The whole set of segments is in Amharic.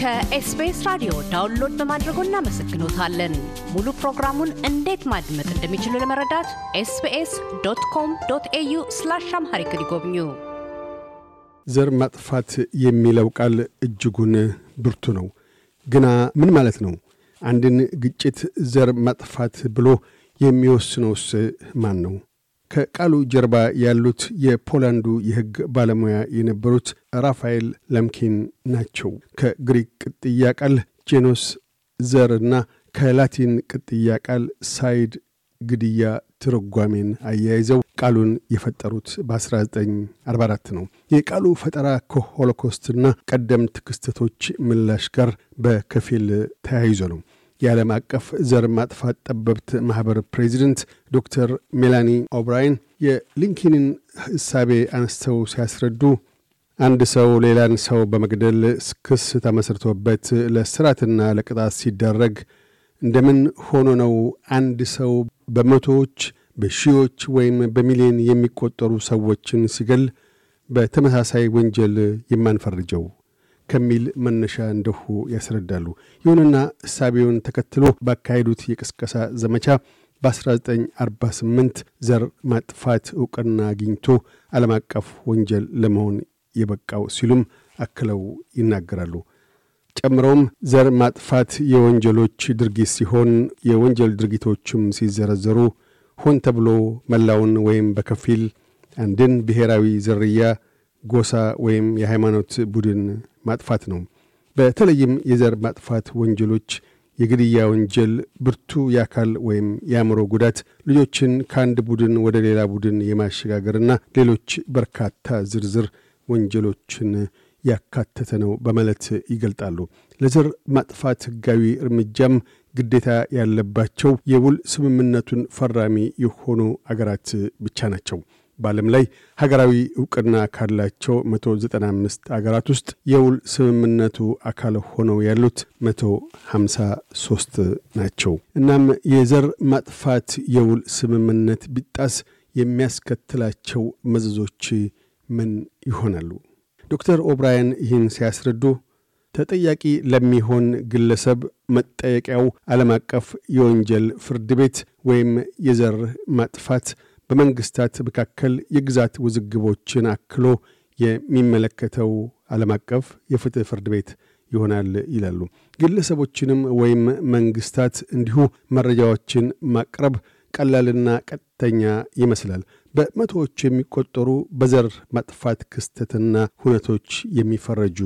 ከኤስቢኤስ ራዲዮ ዳውንሎድ በማድረጎ እናመሰግኖታለን። ሙሉ ፕሮግራሙን እንዴት ማድመጥ እንደሚችሉ ለመረዳት ኤስቢኤስ ዶት ኮም ዶት ኤዩ ስላሽ አምሃሪክ ይጎብኙ። ዘር ማጥፋት የሚለው ቃል እጅጉን ብርቱ ነው። ግና ምን ማለት ነው? አንድን ግጭት ዘር ማጥፋት ብሎ የሚወስነውስ ማን ነው? ከቃሉ ጀርባ ያሉት የፖላንዱ የህግ ባለሙያ የነበሩት ራፋኤል ላምኪን ናቸው። ከግሪክ ቅጥያ ቃል ጄኖስ ዘርና ከላቲን ቅጥያ ቃል ሳይድ ግድያ ትርጓሜን አያይዘው ቃሉን የፈጠሩት በ1944 ነው። የቃሉ ፈጠራ ከሆሎኮስትና ቀደምት ክስተቶች ምላሽ ጋር በከፊል ተያይዞ ነው። የዓለም አቀፍ ዘር ማጥፋት ጠበብት ማኅበር ፕሬዚደንት ዶክተር ሜላኒ ኦብራይን የሊንኪንን ሕሳቤ አንስተው ሲያስረዱ አንድ ሰው ሌላን ሰው በመግደል ክስ ተመስርቶበት ለስራትና ለቅጣት ሲደረግ እንደምን ሆኖ ነው አንድ ሰው በመቶዎች በሺዎች ወይም በሚሊዮን የሚቆጠሩ ሰዎችን ሲገል በተመሳሳይ ወንጀል የማንፈርጀው? ከሚል መነሻ እንደሁ ያስረዳሉ። ይሁንና እሳቤውን ተከትሎ ባካሄዱት የቅስቀሳ ዘመቻ በ1948 ዘር ማጥፋት እውቅና አግኝቶ ዓለም አቀፍ ወንጀል ለመሆን የበቃው ሲሉም አክለው ይናገራሉ። ጨምረውም ዘር ማጥፋት የወንጀሎች ድርጊት ሲሆን የወንጀል ድርጊቶችም ሲዘረዘሩ ሆን ተብሎ መላውን ወይም በከፊል አንድን ብሔራዊ ዝርያ፣ ጎሳ ወይም የሃይማኖት ቡድን ማጥፋት ነው። በተለይም የዘር ማጥፋት ወንጀሎች፣ የግድያ ወንጀል፣ ብርቱ የአካል ወይም የአእምሮ ጉዳት፣ ልጆችን ከአንድ ቡድን ወደ ሌላ ቡድን የማሸጋገርና ሌሎች በርካታ ዝርዝር ወንጀሎችን ያካተተ ነው በማለት ይገልጣሉ። ለዘር ማጥፋት ሕጋዊ እርምጃም ግዴታ ያለባቸው የውል ስምምነቱን ፈራሚ የሆኑ አገራት ብቻ ናቸው። በዓለም ላይ ሀገራዊ እውቅና ካላቸው 195 አገራት ውስጥ የውል ስምምነቱ አካል ሆነው ያሉት 153 ናቸው። እናም የዘር ማጥፋት የውል ስምምነት ቢጣስ የሚያስከትላቸው መዘዞች ምን ይሆናሉ? ዶክተር ኦብራያን ይህን ሲያስረዱ ተጠያቂ ለሚሆን ግለሰብ መጠየቂያው ዓለም አቀፍ የወንጀል ፍርድ ቤት ወይም የዘር ማጥፋት በመንግስታት መካከል የግዛት ውዝግቦችን አክሎ የሚመለከተው ዓለም አቀፍ የፍትህ ፍርድ ቤት ይሆናል ይላሉ። ግለሰቦችንም ወይም መንግስታት እንዲሁ መረጃዎችን ማቅረብ ቀላልና ቀጥተኛ ይመስላል። በመቶዎች የሚቆጠሩ በዘር ማጥፋት ክስተትና ሁነቶች የሚፈረጁ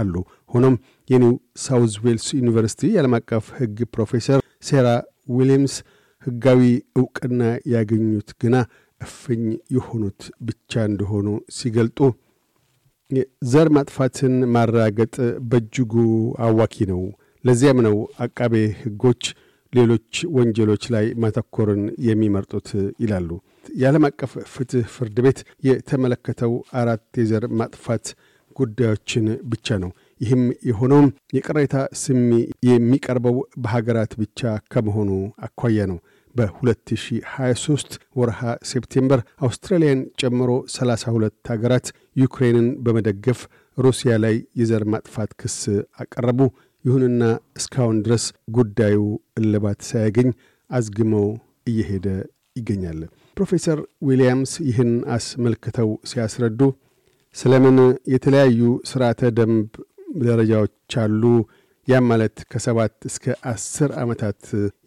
አሉ። ሆኖም የኒው ሳውዝ ዌልስ ዩኒቨርሲቲ የዓለም አቀፍ ሕግ ፕሮፌሰር ሴራ ዊሊያምስ ህጋዊ እውቅና ያገኙት ግና እፍኝ የሆኑት ብቻ እንደሆኑ ሲገልጡ ዘር ማጥፋትን ማራገጥ በእጅጉ አዋኪ ነው። ለዚያም ነው አቃቤ ህጎች ሌሎች ወንጀሎች ላይ ማተኮርን የሚመርጡት ይላሉ። የዓለም አቀፍ ፍትህ ፍርድ ቤት የተመለከተው አራት የዘር ማጥፋት ጉዳዮችን ብቻ ነው። ይህም የሆነውም የቅሬታ ስሚ የሚቀርበው በሀገራት ብቻ ከመሆኑ አኳያ ነው። በ2023 ወርሃ ሴፕቴምበር አውስትራሊያን ጨምሮ 32 ሀገራት ዩክሬንን በመደገፍ ሩሲያ ላይ የዘር ማጥፋት ክስ አቀረቡ። ይሁንና እስካሁን ድረስ ጉዳዩ እልባት ሳያገኝ አዝግሞ እየሄደ ይገኛል። ፕሮፌሰር ዊልያምስ ይህን አስመልክተው ሲያስረዱ ስለምን የተለያዩ ስርዓተ ደንብ ደረጃዎች አሉ። ያም ማለት ከሰባት እስከ አስር ዓመታት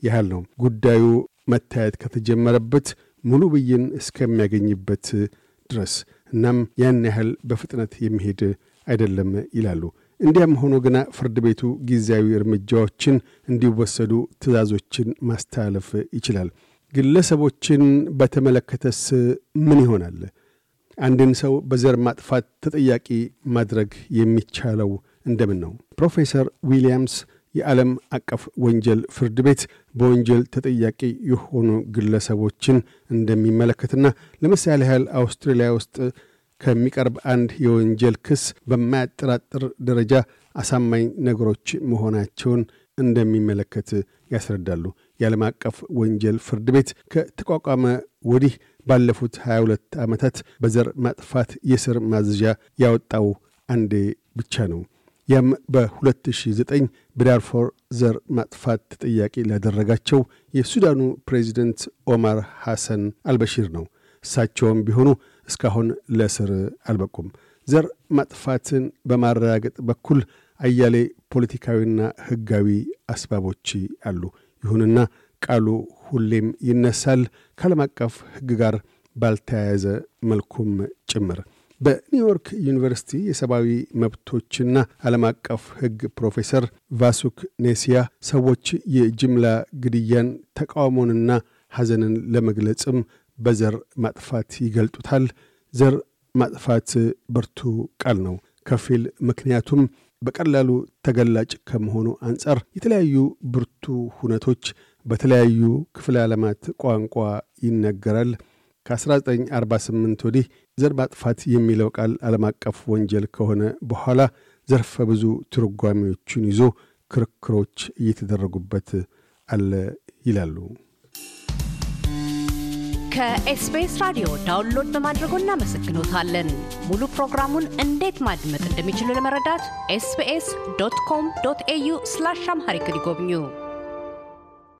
ያህል ነው። ጉዳዩ መታየት ከተጀመረበት ሙሉ ብይን እስከሚያገኝበት ድረስ እናም ያን ያህል በፍጥነት የሚሄድ አይደለም ይላሉ። እንዲያም ሆኖ ግና ፍርድ ቤቱ ጊዜያዊ እርምጃዎችን እንዲወሰዱ ትዕዛዞችን ማስተላለፍ ይችላል። ግለሰቦችን በተመለከተስ ምን ይሆናል? አንድን ሰው በዘር ማጥፋት ተጠያቂ ማድረግ የሚቻለው እንደምን ነው? ፕሮፌሰር ዊልያምስ የዓለም አቀፍ ወንጀል ፍርድ ቤት በወንጀል ተጠያቂ የሆኑ ግለሰቦችን እንደሚመለከትና ለምሳሌ ያህል አውስትራሊያ ውስጥ ከሚቀርብ አንድ የወንጀል ክስ በማያጠራጥር ደረጃ አሳማኝ ነገሮች መሆናቸውን እንደሚመለከት ያስረዳሉ። የዓለም አቀፍ ወንጀል ፍርድ ቤት ከተቋቋመ ወዲህ ባለፉት 22 ዓመታት በዘር ማጥፋት የስር ማዝዣ ያወጣው አንዴ ብቻ ነው። ያም በ2009 በዳርፎር ዘር ማጥፋት ተጠያቂ ላደረጋቸው የሱዳኑ ፕሬዚደንት ኦማር ሐሰን አልበሺር ነው። እሳቸውም ቢሆኑ እስካሁን ለስር አልበቁም። ዘር ማጥፋትን በማረጋገጥ በኩል አያሌ ፖለቲካዊና ህጋዊ አስባቦች አሉ። ይሁንና ቃሉ ሁሌም ይነሳል፣ ከዓለም አቀፍ ህግ ጋር ባልተያያዘ መልኩም ጭምር። በኒውዮርክ ዩኒቨርሲቲ የሰብአዊ መብቶችና ዓለም አቀፍ ሕግ ፕሮፌሰር ቫሱክ ኔሲያ ሰዎች የጅምላ ግድያን ተቃውሞንና ሐዘንን ለመግለጽም በዘር ማጥፋት ይገልጡታል። ዘር ማጥፋት ብርቱ ቃል ነው። ከፊል ምክንያቱም በቀላሉ ተገላጭ ከመሆኑ አንጻር የተለያዩ ብርቱ ሁነቶች በተለያዩ ክፍለ ዓለማት ቋንቋ ይነገራል። ከ1948 ወዲህ ዘር ማጥፋት የሚለው ቃል ዓለም አቀፍ ወንጀል ከሆነ በኋላ ዘርፈ ብዙ ትርጓሚዎቹን ይዞ ክርክሮች እየተደረጉበት አለ ይላሉ። ከኤስቢኤስ ራዲዮ ዳውንሎድ በማድረጎ እናመሰግኖታለን። ሙሉ ፕሮግራሙን እንዴት ማድመጥ እንደሚችሉ ለመረዳት ኤስቢኤስ ዶት ኮም ዶት ኤዩ ስላሽ አምሃሪክ ይጎብኙ።